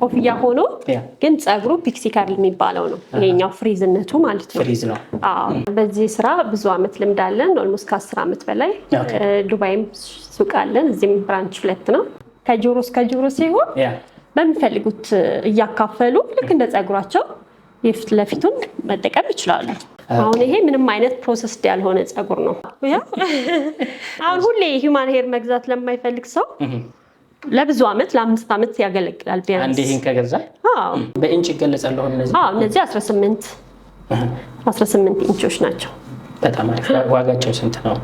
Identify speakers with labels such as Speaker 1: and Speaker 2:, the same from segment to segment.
Speaker 1: ኮፍያ ሆኖ ግን ፀጉሩ ፒክሲ ከርል የሚባለው ነው። ይሄኛው ፍሪዝነቱ ማለት ነው። ፍሪዝ ነው። በዚህ ስራ ብዙ አመት ልምድ አለን። ኦልሞስት ከአስር አመት በላይ ዱባይም ሱቅ አለን። እዚህም ብራንች ሁለት ነው። ከጆሮ እስከ ጆሮ ሲሆን በሚፈልጉት እያካፈሉ ልክ እንደ ፀጉራቸው የፊት ለፊቱን መጠቀም ይችላሉ። አሁን ይሄ ምንም አይነት ፕሮሰስድ ያልሆነ ፀጉር ነው። አሁን ሁሌ ሂውማን ሄር መግዛት ለማይፈልግ ሰው ለብዙ ዓመት ለአምስት ዓመት ያገለግላል። ቢያንስ
Speaker 2: አንድ ይህን ከገዛ በኢንች ይገለጻል። እነዚህ
Speaker 1: 18 18 ኢንቾች ናቸው።
Speaker 2: በጣም አሪፍ። ዋጋቸው ስንት ነው?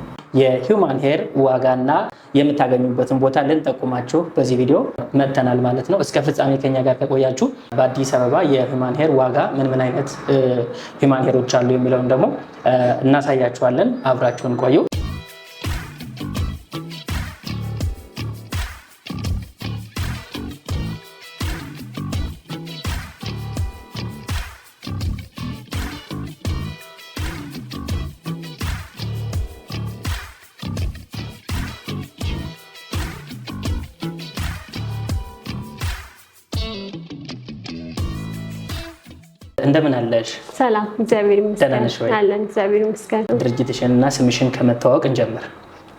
Speaker 2: የሂውማን ሄር ዋጋና የምታገኙበትን ቦታ ልንጠቁማችሁ በዚህ ቪዲዮ መጥተናል ማለት ነው። እስከ ፍጻሜ ከኛ ጋር ከቆያችሁ በአዲስ አበባ የሂውማን ሄር ዋጋ ምን ምን አይነት ሂውማን ሄሮች አሉ የሚለውን ደግሞ እናሳያችኋለን። አብራችሁን ቆዩ። እንደምን አለሽ?
Speaker 1: ሰላም፣ እግዚአብሔር
Speaker 2: ይመስገን።
Speaker 1: አለን፣ እግዚአብሔር ይመስገን።
Speaker 2: ድርጅትሽንና ስምሽን ከመተዋወቅ እንጀምር።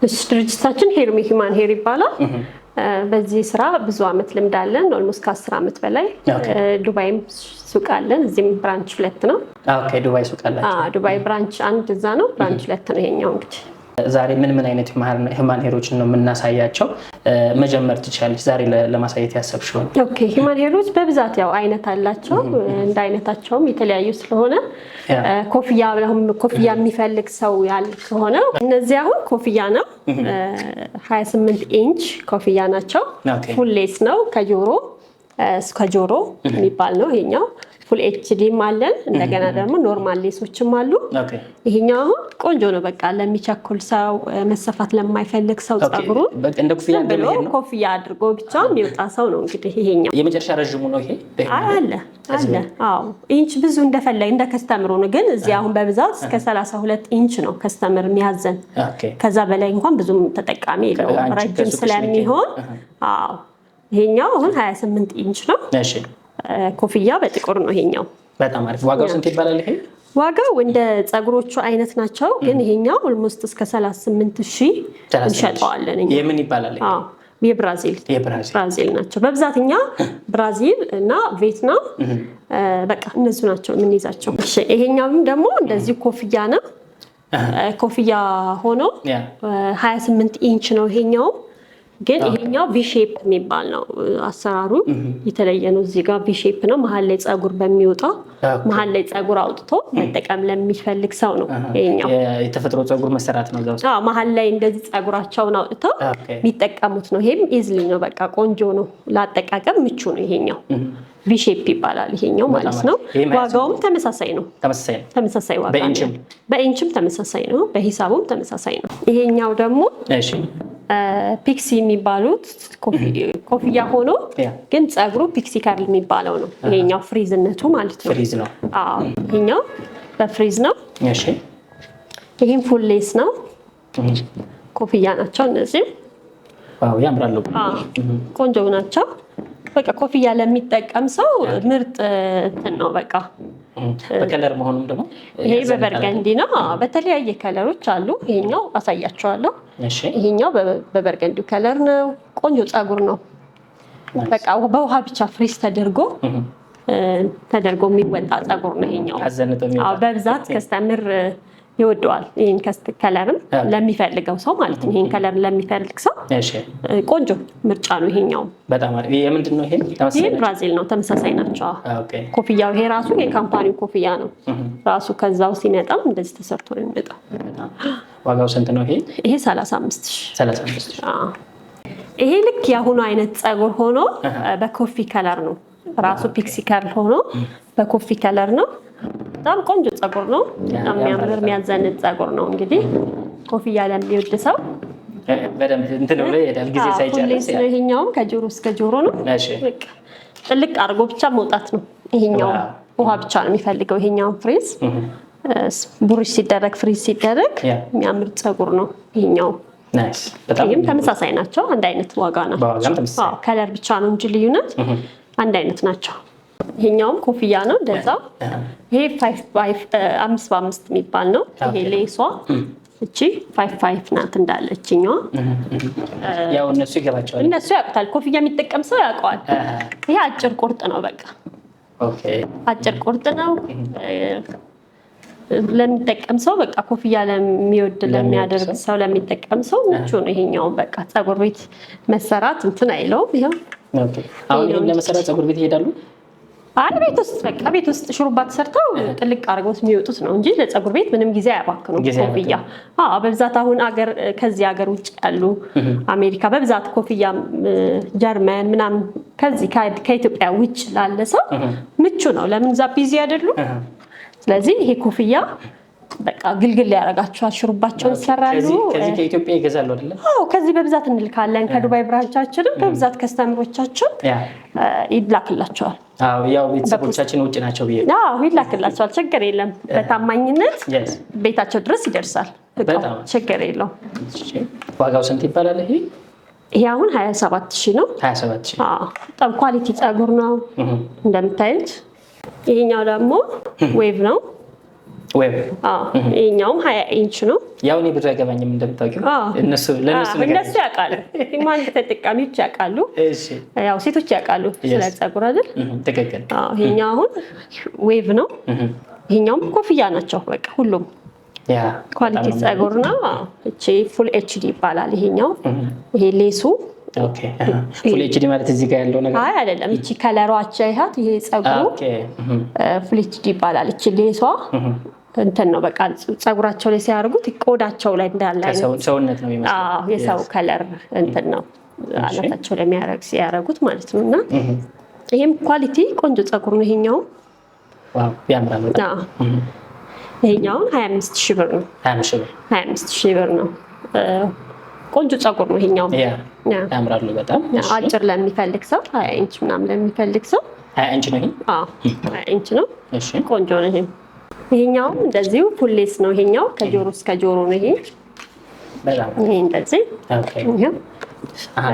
Speaker 1: እሺ፣ ድርጅታችን ሄርሚ ሂማን ሄር ይባላል። በዚህ ስራ ብዙ አመት ልምድ አለን። ኦልሞስት ከአስር አመት በላይ ዱባይም ሱቅ አለን። እዚህም ብራንች ሁለት ነው። ዱባይ ሱቅ አላቸው። ዱባይ ብራንች አንድ እዛ ነው፣ ብራንች ሁለት ነው ይሄኛው እንግዲህ
Speaker 2: ዛሬ ምን ምን አይነት ሂማን ሄሮችን ነው የምናሳያቸው መጀመር ትችላለች። ዛሬ ለማሳየት ያሰብሽውን
Speaker 1: ሂማን ሄሮች በብዛት ያው አይነት አላቸው። እንደ አይነታቸውም የተለያዩ ስለሆነ ኮፍያ የሚፈልግ ሰው ያል ከሆነ እነዚህ አሁን ኮፍያ ነው 28 ኢንች ኮፍያ ናቸው። ፉሌስ ነው ከጆሮ እስከ ጆሮ የሚባል ነው ይሄኛው ፉል ኤችዲም አለን። እንደገና ደግሞ ኖርማል ሌሶችም አሉ። ይሄኛው አሁን ቆንጆ ነው። በቃ ለሚቸኩል ሰው፣ መሰፋት ለማይፈልግ ሰው ጸጉሩ ብሎ ኮፍያ አድርጎ ብቻ የሚወጣ ሰው ነው እንግዲህ ይሄኛው።
Speaker 2: የመጨረሻ ረዥሙ ነው ይሄ
Speaker 1: አለ አለ። አዎ ኢንች ብዙ እንደፈለግ እንደ ከስተምሩ ነው። ግን እዚህ አሁን በብዛት እስከ ሰላሳ ሁለት ኢንች ነው ከስተምር የሚያዘን። ከዛ በላይ እንኳን ብዙም ተጠቃሚ የለውም ረጅም ስለሚሆን። አዎ ይሄኛው አሁን 28 ኢንች ነው። ኮፍያ በጥቁር ነው ይሄኛው።
Speaker 2: በጣም አሪፍ። ዋጋው ስንት ይባላል? ይሄ
Speaker 1: ዋጋው እንደ ጸጉሮቹ አይነት ናቸው፣ ግን ይሄኛው ኦልሞስት እስከ 38 ሺህ
Speaker 2: እንሸጠዋለን። የምን ይባላል?
Speaker 1: የብራዚል ብራዚል ናቸው በብዛት እኛ ብራዚል እና ቬትና በቃ እነሱ ናቸው የምንይዛቸው። ይሄኛውም ደግሞ እንደዚሁ ኮፍያ ነው። ኮፍያ ሆኖ 28 ኢንች ነው ይሄኛውም ግን ይሄኛው ቪሼፕ የሚባል ነው አሰራሩ የተለየ ነው። እዚህ ጋር ቪሼፕ ነው መሀል ላይ ፀጉር በሚወጣ መሀል ላይ ፀጉር አውጥቶ መጠቀም ለሚፈልግ ሰው ነው ይኸኛው።
Speaker 2: የተፈጥሮ ፀጉር መሰራት ነው።
Speaker 1: መሀል ላይ እንደዚህ ፀጉራቸውን አውጥተው የሚጠቀሙት ነው። ይሄም ኢዝሊ ነው፣ በቃ ቆንጆ ነው፣ ለአጠቃቀም ምቹ ነው ይሄኛው ቪሼፕ ይባላል ይሄኛው ማለት ነው። ዋጋውም ተመሳሳይ ነው። ተመሳሳይ ዋጋ በኢንችም ተመሳሳይ ነው። በሂሳቡም ተመሳሳይ ነው። ይሄኛው ደግሞ ፒክሲ የሚባሉት ኮፍያ ሆኖ ግን ፀጉሩ ፒክሲ ከርል የሚባለው ነው። ይሄኛው ፍሪዝነቱ ማለት ነው። ፍሪዝ ነው። ይሄኛው በፍሪዝ ነው። እሺ ይሄም ፉል ሌስ ነው። ኮፍያ ናቸው እነዚህም። ዋው ያምራሉ። ቆንጆ ናቸው። በቃ ኮፍያ ለሚጠቀም ሰው ምርጥ እንትን ነው። በቃ
Speaker 2: በከለር መሆኑም ደግሞ
Speaker 1: ይሄ በበርገንዲ ነው። በተለያየ ከለሮች አሉ። ይሄኛው አሳያቸዋለሁ። ይሄኛው በበርገንዲ ከለር ነው። ቆንጆ ፀጉር ነው። በቃ በውሃ ብቻ ፍሬስ ተደርጎ ተደርጎ የሚወጣ ፀጉር ነው ይሄኛው። በብዛት ከስተምር ይወደዋል። ይህን ከለርን ለሚፈልገው ሰው ማለት ነው። ይህን ከለርን ለሚፈልግ ሰው ቆንጆ ምርጫ ነው ይሄኛውም የምንድነው ይሄ? ብራዚል ነው። ተመሳሳይ ናቸው። ኮፍያው ይሄ ራሱ የካምፓኒው ኮፍያ ነው ራሱ። ከዛው ሲመጣም እንደዚህ ተሰርቶ ነው የሚመጣው።
Speaker 2: ዋጋው ስንት ነው ይሄ?
Speaker 1: ይሄ ሰላሳ አምስት
Speaker 2: ሺህ
Speaker 1: ይሄ ልክ የአሁኑ አይነት ፀጉር ሆኖ በኮፊ ከለር ነው ራሱ ፒክሲ ከርል ሆኖ በኮፊ ከለር ነው። በጣም ቆንጆ ፀጉር ነው። በጣም የሚያምር የሚያዘንጥ ፀጉር ነው። እንግዲህ ኮፊ ኮፍያ ለሚወድ ሰው ይሄኛውም ከጆሮ እስከ ጆሮ ነው። ጥልቅ አድርጎ ብቻ መውጣት ነው። ይሄኛው ውሃ ብቻ ነው የሚፈልገው። ይሄኛውን ፍሬዝ ቡሪሽ ሲደረግ ፍሪዝ ሲደረግ የሚያምር ፀጉር ነው። ይሄኛው ይህም ተመሳሳይ ናቸው። አንድ አይነት ዋጋ
Speaker 2: ናቸው።
Speaker 1: ከለር ብቻ ነው እንጂ ልዩነት አንድ አይነት ናቸው። ይሄኛውም ኮፍያ ነው እንደዛው። ይሄ አምስት በአምስት የሚባል ነው። ይሄ ሌሷ እቺ ፋይፍ ፋይፍ ናት እንዳለ እችኛዋ።
Speaker 2: ያው እነሱ ይገባቸዋል፣
Speaker 1: እነሱ ያውቁታል። ኮፍያ የሚጠቀም ሰው ያውቀዋል። ይሄ አጭር ቁርጥ ነው፣ በቃ አጭር ቁርጥ ነው ለሚጠቀም ሰው በቃ ኮፍያ ለሚወድ ለሚያደርግ ሰው ለሚጠቀም ሰው ምቹ ነው። ይሄኛውም በቃ ፀጉር ቤት መሰራት እንትን አይለውም። ይኸው አሁን ይህን ለመሰራት ፀጉር ቤት ይሄዳሉ። አይ ቤት ውስጥ በቃ ቤት ውስጥ ሹሩባ ተሰርተው ጥልቅ አድርገውት የሚወጡት ነው እንጂ ለፀጉር ቤት ምንም ጊዜ አያባክኑም። ኮፍያ በብዛት አሁን አገር ከዚህ ሀገር ውጭ ያሉ አሜሪካ በብዛት ኮፍያ፣ ጀርመን ምናምን ከዚህ ከኢትዮጵያ ውጭ ላለ ሰው ምቹ ነው። ለምን እዛ ቢዚ አይደሉም። ስለዚህ ይሄ ኮፍያ ግልግል ያደርጋቸዋል። ሹሩባቸውን ይሰራሉ።
Speaker 2: ከኢትዮጵያ ይገዛሉ
Speaker 1: ከዚህ በብዛት እንልካለን። ከዱባይ ብራንቻችንም በብዛት ከስተምሮቻችን ይላክላቸዋል።
Speaker 2: ያው ቤተሰቦቻችን ውጭ ናቸው ብዬ
Speaker 1: ይላክላቸዋል። ችግር የለም። በታማኝነት ቤታቸው ድረስ ይደርሳል። ችግር የለው።
Speaker 2: ዋጋው ስንት ይባላል? ይሄ
Speaker 1: ይሄ አሁን ሀያ ሰባት ሺህ ነው። በጣም ኳሊቲ ፀጉር ነው እንደምታዩት። ይሄኛው ደግሞ ዌቭ ነው ይኸኛውም ሀያ ኢንች ነው።
Speaker 2: ያው እኔ ብዙ አይገባኝም እንደምታውቂው፣ እነሱ
Speaker 1: ያውቃሉ። ማን ተጠቃሚዎች ያውቃሉ፣ ያው ሴቶች ያውቃሉ ስለ ፀጉር አይደል? ትክክል። አሁን ዌቭ ነው። ይኸኛውም ኮፍያ ናቸው። በቃ ሁሉም ኳሊቲ ጸጉር ነው። እቺ ፉል ኤችዲ ይባላል። ይሄኛው ይሄ ሌሱ
Speaker 2: ፉል ኤችዲ ማለት እዚህ ጋር ያለው
Speaker 1: ነገር አይ አይደለም። እቺ ከለሯ አቻ ይሄ ጸጉሩ ፉል ኤችዲ ይባላል። እቺ ሌሷ እንትን ነው በቃ ፀጉራቸው ላይ ሲያደርጉት ቆዳቸው ላይ እንዳለ ሰውነት ነው የሰው ከለር እንትን ነው አናታቸው ላይ የሚያደርግ ሲያደርጉት ማለት ነው። እና ይህም ኳሊቲ ቆንጆ ፀጉር ነው ይሄኛው ይሄኛውን ሀያ አምስት ሺህ ብር ነው። ሀያ አምስት ሺህ ብር ነው። ቆንጆ ፀጉር ነው ይሄኛው።
Speaker 2: ያምራሉ በጣም
Speaker 1: አጭር ለሚፈልግ ሰው ሀያ ኢንች ምናምን ለሚፈልግ ሰው ሀያ ኢንች ነው። ሀያ ኢንች ነው። ቆንጆ ነው ይሄም ይሄኛውም እንደዚሁ ፉሌስ ነው። ይሄኛው ከጆሮ እስከ ጆሮ ነው። ይሄ ይሄ እንደዚህ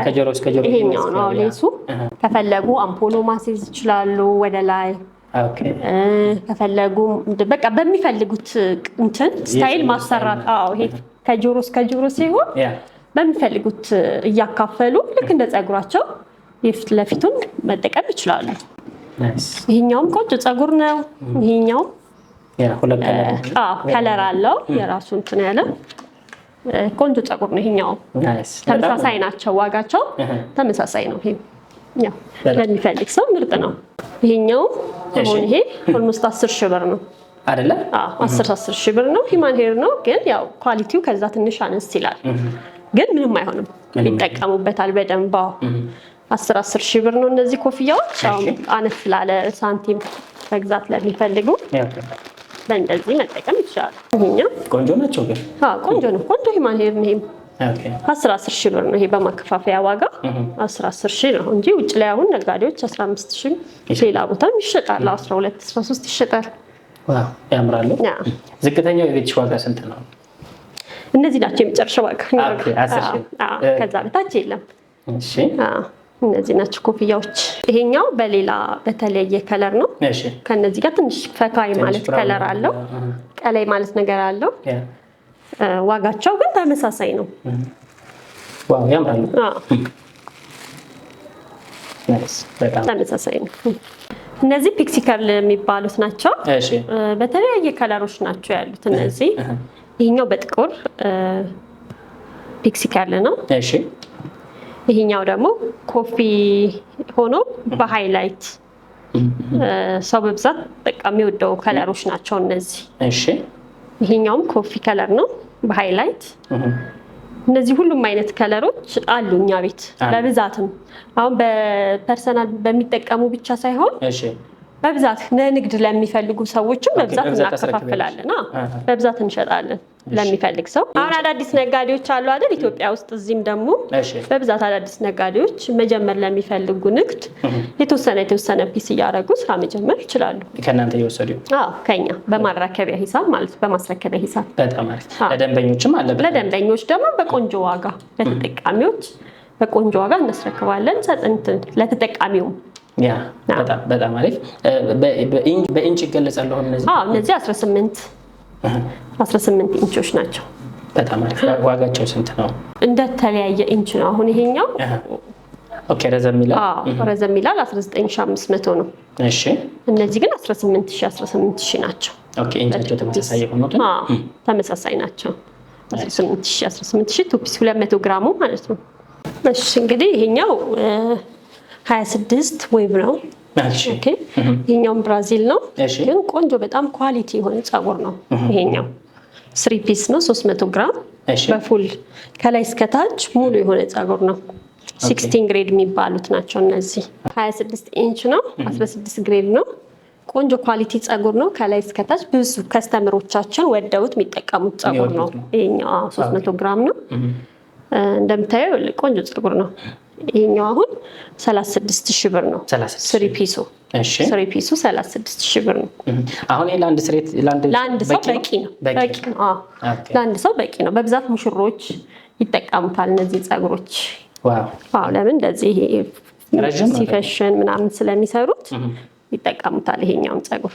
Speaker 1: ከጆሮ እስከ ጆሮ ይሄኛው ነው ሌሱ። ከፈለጉ አምፖሎ ማስያዝ ይችላሉ ወደ ላይ ከፈለጉ በቃ በሚፈልጉት እንትን ስታይል ማሰራት። አዎ ይሄ ከጆሮ እስከ ጆሮ ሲሆን በሚፈልጉት እያካፈሉ ልክ እንደ ፀጉራቸው የፊት ለፊቱን መጠቀም ይችላሉ። ይሄኛውም ቆንጆ ፀጉር ነው። ይሄኛውም ከለር አለው የራሱ እንትን ያለ ቆንጆ ጸጉር ነው። ይሄኛው ተመሳሳይ ናቸው፣ ዋጋቸው ተመሳሳይ ነው። ለሚፈልግ ሰው ምርጥ ነው። ይሄኛው አሁን ይሄ ኦልሞስት አስር ሺህ ብር ነው አይደለ? አስር አስር ሺህ ብር ነው። ሂማን ሄር ነው ግን ያው ኳሊቲው ከዛ ትንሽ አነስ ይላል፣ ግን ምንም አይሆንም፣ ይጠቀሙበታል በደንብ አስር አስር ሺህ ብር ነው። እነዚህ ኮፍያዎች አነስ ላለ ሳንቲም መግዛት ለሚፈልጉ በእንደዚህ መጠቀም ይችላል። ይሄኛው
Speaker 2: ቆንጆ ናቸው ግን
Speaker 1: ቆንጆ ነው። ቆንጆ ሂማን ሄር ነው። አስራ አስር ሺህ ብር ነው ይሄ በማከፋፈያ ዋጋ አስራ አስር ሺህ ነው እንጂ ውጭ ላይ አሁን ነጋዴዎች አስራ አምስት ሺህ ሌላ ቦታም ይሸጣል። አስራ ሁለት አስራ ሶስት ይሸጣል።
Speaker 2: ያምራሉ። ዝቅተኛው የቤትሽ ዋጋ ስንት ነው?
Speaker 1: እነዚህ ናቸው የመጨረሻ ዋጋ። ከዛ በታች የለም። እነዚህ ናቸው ኮፍያዎች። ይሄኛው በሌላ በተለያየ ከለር ነው። ከነዚህ ጋር ትንሽ ፈካይ ማለት ከለር አለው፣ ቀላይ ማለት ነገር አለው። ዋጋቸው ግን ተመሳሳይ ነው። ተመሳሳይ ነው። እነዚህ ፒክሲከርል የሚባሉት ናቸው። በተለያየ ከለሮች ናቸው ያሉት እነዚህ። ይሄኛው በጥቁር ፒክሲከርል ነው። ይሄኛው ደግሞ ኮፊ ሆኖ በሃይላይት ሰው በብዛት በጣም የሚወደው ከለሮች ናቸው እነዚህ። ይሄኛውም ኮፊ ከለር ነው በሃይላይት። እነዚህ ሁሉም አይነት ከለሮች አሉ እኛ ቤት በብዛትም አሁን በፐርሰናል በሚጠቀሙ ብቻ ሳይሆን በብዛት ለንግድ ለሚፈልጉ ሰዎችም በብዛት እናከፋፍላለን። በብዛት እንሸጣለን ለሚፈልግ ሰው። አሁን አዳዲስ ነጋዴዎች አሉ አይደል? ኢትዮጵያ ውስጥ እዚህም ደግሞ በብዛት አዳዲስ ነጋዴዎች መጀመር ለሚፈልጉ ንግድ የተወሰነ የተወሰነ ፒስ እያደረጉ ስራ መጀመር ይችላሉ።
Speaker 2: ከእናንተ እየወሰዱ
Speaker 1: ከኛ በማራከቢያ ሂሳብ ማለት በማስረከቢያ ሂሳብ
Speaker 2: በጣም ለደንበኞችም አለ።
Speaker 1: ለደንበኞች ደግሞ በቆንጆ ዋጋ ለተጠቃሚዎች በቆንጆ ዋጋ እናስረክባለን ለተጠቃሚውም
Speaker 2: ያ በጣም አሪፍ። በኢንች ይገለጻሉ እነዚህ?
Speaker 1: አዎ እነዚህ 18 18 ኢንቾች ናቸው።
Speaker 2: በጣም አሪፍ። ዋጋቸው ስንት ነው?
Speaker 1: እንደተለያየ ኢንች ነው። አሁን ይሄኛው
Speaker 2: ኦኬ ረዘም ይላል።
Speaker 1: አዎ ረዘም ይላል 19500 ነው። እሺ እነዚህ ግን 18000 18000 ናቸው።
Speaker 2: ኦኬ ኢንቻቸው ተመሳሳይ የሆኑት?
Speaker 1: አዎ ተመሳሳይ ናቸው። 18000 18000 ቱፒስ 200 ግራሙ ማለት ነው። እሺ እንግዲህ ይሄኛው 26 ዌብ ነው። ይሄኛውም ብራዚል ነው፣ ግን ቆንጆ በጣም ኳሊቲ የሆነ ፀጉር ነው። ይሄኛው ስሪ ፒስ ነው 300 ግራም በፉል ከላይ እስከታች ሙሉ የሆነ ፀጉር ነው። ሲክስቲን ግሬድ የሚባሉት ናቸው እነዚህ። 26 ኢንች ነው፣ 16 ግሬድ ነው። ቆንጆ ኳሊቲ ፀጉር ነው። ከላይ እስከታች ብዙ ከስተምሮቻችን ወደውት የሚጠቀሙት ፀጉር ነው። ይሄኛው 300 ግራም ነው። እንደምታየው ቆንጆ ፀጉር ነው። ይሄኛው አሁን 36 ሺህ ብር ነው። ስሪ ፒሱ ስሪ ፒሱ 36 ሺህ ብር ነው።
Speaker 2: አሁን ለአንድ ስሬት
Speaker 1: ለአንድ ሰው በቂ ነው ለአንድ ሰው በቂ ነው። በብዛት ሙሽሮች ይጠቀሙታል እነዚህ ፀጉሮች። ዋው ለምን እንደዚህ ይሄ ሲፈሽን ምናምን ስለሚሰሩት ይጠቀሙታል። ይሄኛውን ፀጉር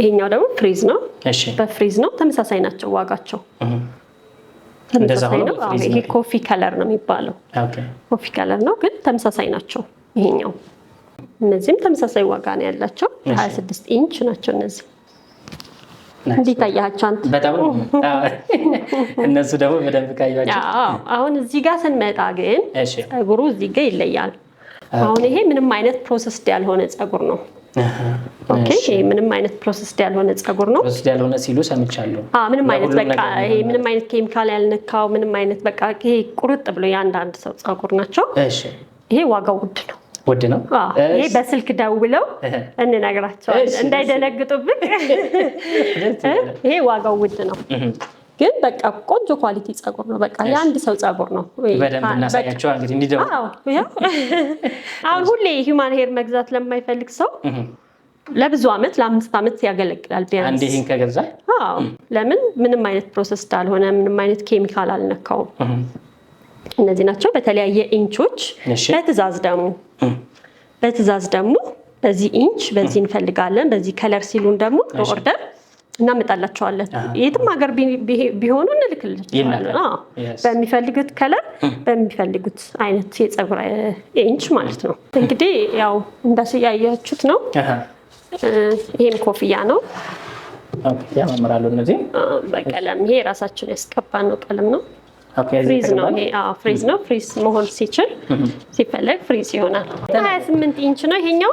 Speaker 1: ይሄኛው ደግሞ ፍሪዝ ነው። በፍሪዝ ነው። ተመሳሳይ ናቸው ዋጋቸው
Speaker 2: ተመሳሳይ ነው።
Speaker 1: ይሄ ኮፊ ከለር ነው የሚባለው። ኮፊ ከለር ነው ግን ተመሳሳይ ናቸው። ይሄኛው እነዚህም ተመሳሳይ ዋጋ ነው ያላቸው። 26 ኢንች ናቸው እነዚህ። እንዴት አያቸው አንተ?
Speaker 2: በጣም እነሱ ደግሞ በደንብ ካያቸው።
Speaker 1: አሁን እዚህ ጋር ስንመጣ ግን ጸጉሩ እዚህ ጋር ይለያል። አሁን ይሄ ምንም አይነት ፕሮሰስድ ያልሆነ ፀጉር ነው። ኦኬ ይሄ ምንም አይነት ፕሮሰስ ያልሆነ ጸጉር ነው።
Speaker 2: ፕሮሰስድ ያልሆነ ሲሉ ሰምቻለሁ።
Speaker 1: ምንም አይነት በቃ ይሄ ምንም አይነት ኬሚካል ያልነካው ምንም አይነት በቃ ይሄ ቁርጥ ብሎ የአንዳንድ ሰው ጸጉር ናቸው። እሺ ይሄ ዋጋው ውድ ነው ውድ ነው። ይሄ በስልክ ደውለው እንነግራቸዋለን እንዳይደነግጡብን። ይሄ ዋጋው ውድ ነው። ግን በቃ ቆንጆ ኳሊቲ ፀጉር ነው። በቃ የአንድ ሰው ፀጉር ነው።
Speaker 2: በደንብ እናሳያቸዋል። እንግዲህ እንዲደው
Speaker 1: አሁን ሁሌ ሂውማን ሄር መግዛት ለማይፈልግ ሰው ለብዙ አመት ለአምስት አመት ያገለግላል ቢያንስ።
Speaker 2: አንዴ ይህን ከገዛ
Speaker 1: ለምን ምንም አይነት ፕሮሰስ እንዳልሆነ ምንም አይነት ኬሚካል አልነካውም። እነዚህ ናቸው በተለያየ ኢንቾች በትዕዛዝ ደግሞ በትዕዛዝ ደግሞ በዚህ ኢንች በዚህ እንፈልጋለን በዚህ ከለር ሲሉን ደግሞ በኦርደር እናመጣላቸዋለን። የትም ሀገር ቢሆኑ
Speaker 2: እንልክልቸዋለን።
Speaker 1: በሚፈልጉት ከለር በሚፈልጉት አይነት የፀጉር ኢንች ማለት ነው። እንግዲህ ያው እንዳስያያችሁት ነው። ይሄም ኮፍያ ነው
Speaker 2: ያማምራሉ። እነዚህ
Speaker 1: በቀለም ይሄ የራሳችን ያስቀባ ነው ቀለም ነው። ፍሪዝ ነው ይሄ ፍሪዝ ነው። ፍሪዝ መሆን ሲችል ሲፈለግ ፍሪዝ ይሆናል። ሀያ ስምንት ኢንች ነው ይሄኛው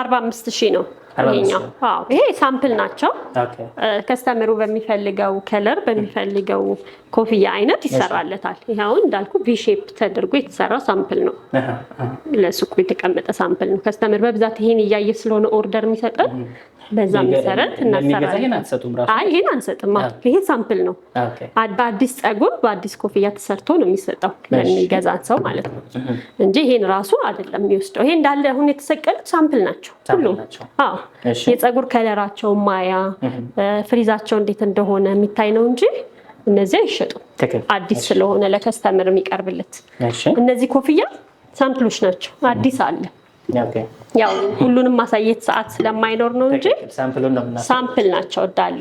Speaker 1: አርባ አምስት ሺህ ነው። ይሄኛው ይሄ ሳምፕል ናቸው። ከስተምሩ በሚፈልገው ከለር በሚፈልገው ኮፍያ አይነት ይሰራለታል። ይኸውን እንዳልኩ ቪሼፕ ተደርጎ የተሰራ ሳምፕል ነው፣ ለሱቁ የተቀመጠ ሳምፕል ነው። ከስተምር በብዛት ይሄን እያየ ስለሆነ ኦርደር የሚሰጠን በዛ መሰረት
Speaker 2: እናሰራለን። ይሄን
Speaker 1: አንሰጥም፣ ይሄ ሳምፕል ነው። በአዲስ ጸጉር በአዲስ ኮፍያ ተሰርቶ ነው የሚሰጠው ለሚገዛን ሰው ማለት ነው እንጂ ይሄን ራሱ አይደለም የሚወስደው። ይሄ እንዳለ አሁን የተሰቀሉት ሳምፕል ናቸው ሁሉም። አዎ የፀጉር ከለራቸው ማያ ፍሪዛቸው እንዴት እንደሆነ የሚታይ ነው እንጂ እነዚህ አይሸጡም። አዲስ ስለሆነ ለከስተምር የሚቀርብለት እነዚህ ኮፍያ ሳምፕሎች ናቸው። አዲስ አለ ያው ሁሉንም ማሳየት ሰዓት ስለማይኖር ነው እንጂ ሳምፕል ናቸው እዳለ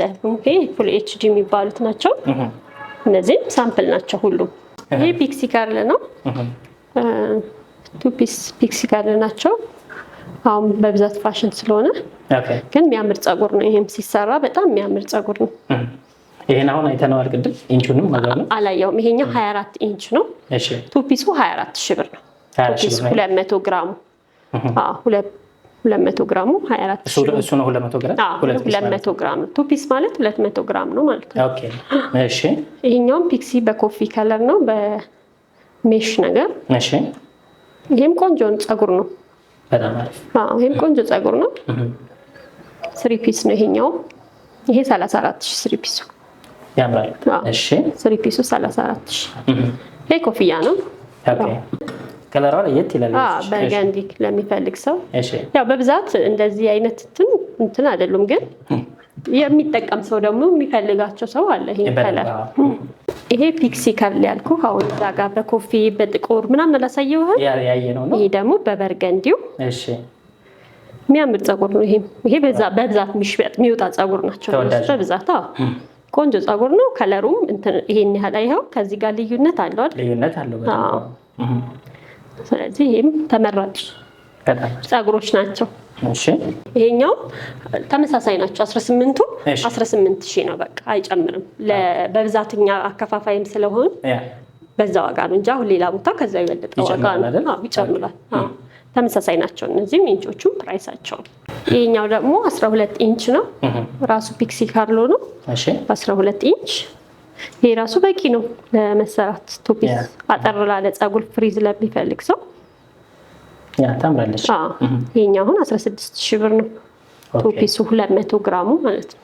Speaker 1: ፉል ኤችዲ የሚባሉት ናቸው። እነዚህም ሳምፕል ናቸው ሁሉም። ይህ ፒክሲ ከርል ነው። ቱ ፒስ ፒክሲ ከርል ናቸው። አሁን በብዛት ፋሽን ስለሆነ ግን የሚያምር ጸጉር ነው። ይሄም ሲሰራ በጣም የሚያምር ጸጉር ነው።
Speaker 2: ይሄን አሁን አይተነዋል ቅድም። ኢንቹንም
Speaker 1: አላየውም። ይሄኛው 24 ኢንች ነው። ቱፒሱ 24 ሺህ ብር ነው። ሁለት መቶ ግራሙ ሁለት መቶ ግራሙ 24
Speaker 2: እሱ ነው። ሁለት መቶ ግራም
Speaker 1: ሁለት መቶ ግራም ነው። ቱፒስ ፒስ ማለት ሁለት መቶ ግራም ነው ማለት ነው። ይሄኛውም ፒክሲ በኮፊ ከለር ነው በሜሽ ነገር። ይህም ቆንጆ ጸጉር ነው። በጣም ይህም ቆንጆ ፀጉር ነው። ስሪ ፒስ ነው ይሄኛው። ይሄ 34 ሺህ ስሪ ፒሱ ያምራል። ስሪ ፒሱ 34 ሺህ። ይሄ ኮፍያ ነው።
Speaker 2: ኦኬ ከለሯ ለየት ይላል።
Speaker 1: በርገንዲ ለሚፈልግ ሰው ያው በብዛት እንደዚህ አይነት እንትን እንትን አይደሉም፣ ግን የሚጠቀም ሰው ደግሞ የሚፈልጋቸው ሰው አለ። ይሄ ከለር ይሄ ፒክሲ ከብል ያልኩ አሁን እዛ ጋር በኮፊ በጥቁር ምናምን አላሳየው። ይሄ ደግሞ በበርገ እንዲሁ የሚያምር ፀጉር ነው። ይሄ ይሄ በብዛት የሚሽበጥ የሚወጣ ፀጉር ናቸው በብዛት ቆንጆ ፀጉር ነው። ከለሩም ይሄን ያህል ይኸው ከዚህ ጋር ልዩነት አለው። ልዩነት አለው። ስለዚህ ይህም ተመራጭ ጸጉሮች ናቸው። ይሄኛው ተመሳሳይ ናቸው። 18ቱ 18 ሺህ ነው። በቃ አይጨምርም። በብዛትኛ አከፋፋይም ስለሆን በዛ ዋጋ ነው እንጂ አሁን ሌላ ቦታ ከዛ የበለጠ ዋጋ ነው። ይጨምራል። ተመሳሳይ ናቸው። እነዚህም ኢንቾቹም ፕራይሳቸው ይሄኛው ደግሞ 12 ኢንች ነው። ራሱ ፒክሲ ካርሎ ነው። 12 ኢንች ይሄ ራሱ በቂ ነው ለመሰራት ቶፒስ አጠር ላለ ጸጉር ፍሪዝ ለሚፈልግ ሰው ታምራለች። የኛ አሁን 16 ሺህ ብር ነው። ቶፒሱ 200 ግራሙ ማለት ነው።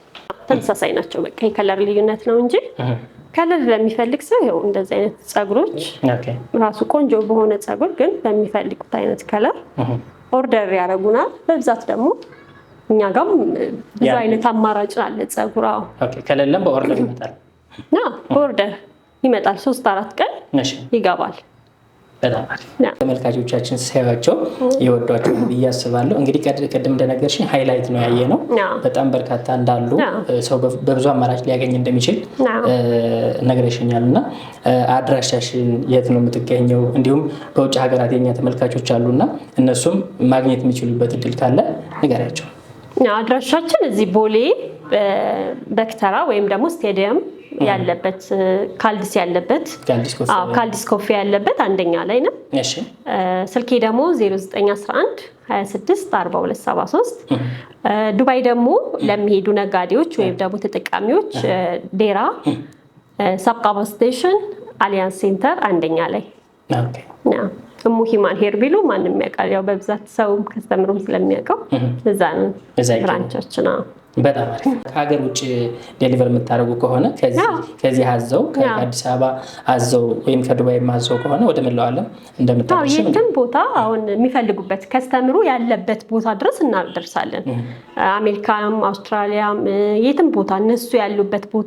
Speaker 1: ተመሳሳይ ናቸው። በቃ የከለር ልዩነት ነው እንጂ ከለር ለሚፈልግ ሰው ይኸው እንደዚህ አይነት ፀጉሮች ራሱ ቆንጆ በሆነ ፀጉር ግን በሚፈልጉት አይነት ከለር ኦርደር ያደርጉናል። በብዛት ደግሞ እኛ ጋም ብዙ አይነት አማራጭ አለ። ፀጉር አዎ፣
Speaker 2: በኦርደር ይመጣል።
Speaker 1: በኦርደር ይመጣል። ሶስት አራት ቀን ይገባል።
Speaker 2: በጣም አሪፍ ተመልካቾቻችን ሲያዩቸው የወዷቸው ብዬ አስባለሁ። እንግዲህ ቅድም እንደነገርሽኝ ሃይላይት ነው ያየ ነው በጣም በርካታ እንዳሉ ሰው በብዙ አማራጭ ሊያገኝ እንደሚችል ነግረሽኛል እና አድራሻሽን፣ የት ነው የምትገኘው? እንዲሁም በውጭ ሀገራት የኛ ተመልካቾች አሉ እና እነሱም ማግኘት የሚችሉበት እድል ካለ ንገሪያቸው።
Speaker 1: አድራሻችን እዚህ ቦሌ በክተራ ወይም ደግሞ ስቴዲየም ያለበት ካልዲስ ያለበት ካልዲስ ኮፊ ያለበት አንደኛ ላይ ነው። ስልኬ ደግሞ 0911 26 4273 ዱባይ ደግሞ ለሚሄዱ ነጋዴዎች ወይም ደግሞ ተጠቃሚዎች ዴራ ሳብቃባ ስቴሽን አሊያንስ ሴንተር አንደኛ ላይ እሙ ሂማን ሄር ቢሉ ማንም ያውቃል። ያው በብዛት ሰውም ከስተምሩም ስለሚያውቀው እዛ ነው ብራንቾች ነው።
Speaker 2: በጣም አሪፍ። ከሀገር ውጭ ዴሊቨር የምታደርጉ ከሆነ ከዚህ አዘው ከአዲስ አበባ አዘው ወይም ከዱባይ አዘው ከሆነ ወደ መላው ዓለም እንደምታደርሱ
Speaker 1: የትም ቦታ አሁን የሚፈልጉበት ከስተምሩ ያለበት ቦታ ድረስ እናደርሳለን። አሜሪካም፣ አውስትራሊያም የትም ቦታ እነሱ ያሉበት ቦታ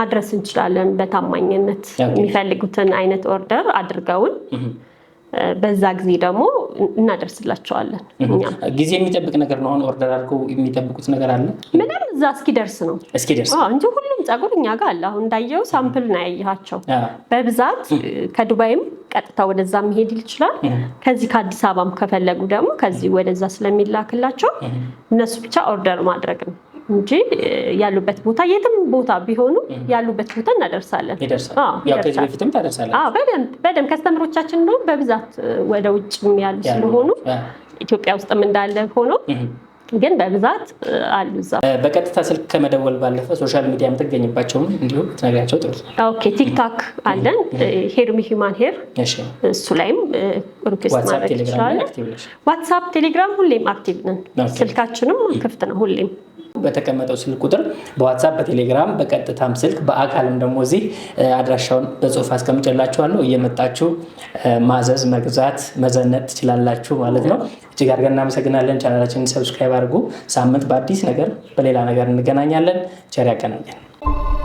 Speaker 1: ማድረስ እንችላለን። በታማኝነት የሚፈልጉትን አይነት ኦርደር አድርገውን በዛ ጊዜ ደግሞ እናደርስላቸዋለን።
Speaker 2: ጊዜ የሚጠብቅ ነገር ነው። አሁን ኦርደር አድርገው የሚጠብቁት ነገር አለ
Speaker 1: ምንም እዛ እስኪደርስ ነው እንጂ ሁሉም ፀጉር እኛ ጋር አለ። አሁን እንዳየው ሳምፕል ነው ያየሃቸው። በብዛት ከዱባይም ቀጥታ ወደዛ መሄድ ይችላል። ከዚህ ከአዲስ አበባም ከፈለጉ ደግሞ ከዚህ ወደዛ ስለሚላክላቸው እነሱ ብቻ ኦርደር ማድረግ ነው። እንጂ ያሉበት ቦታ የትም ቦታ ቢሆኑ ያሉበት ቦታ እናደርሳለን። በደንብ ከስተምሮቻችን ነው በብዛት ወደ ውጭም ያሉ ስለሆኑ ኢትዮጵያ ውስጥም እንዳለ ሆኖ ግን በብዛት አሉ እዛ።
Speaker 2: በቀጥታ ስልክ ከመደወል ባለፈ ሶሻል ሚዲያ የምትገኝባቸውም እንዲሁም ትነግሪያቸው ጥሩ።
Speaker 1: ኦኬ ቲክታክ አለን፣ ሄር ሚ ሂውማን ሄር እሱ ላይም ሪኩዌስት
Speaker 2: ማድረግ ይችላል።
Speaker 1: ዋትሳፕ፣ ቴሌግራም ሁሌም አክቲቭ ነን። ስልካችንም ክፍት ነው ሁሌም
Speaker 2: በተቀመጠው ስልክ ቁጥር በዋትሳፕ በቴሌግራም በቀጥታም ስልክ በአካልም ደግሞ እዚህ አድራሻውን በጽሁፍ አስቀምጨላችኋለሁ እየመጣችሁ ማዘዝ፣ መግዛት፣ መዘነጥ ትችላላችሁ ማለት ነው። እጅግ አድርገን እናመሰግናለን። ቻናላችንን ሰብስክራይብ አድርጉ። ሳምንት በአዲስ ነገር በሌላ ነገር እንገናኛለን። ቸር ያገናኘን።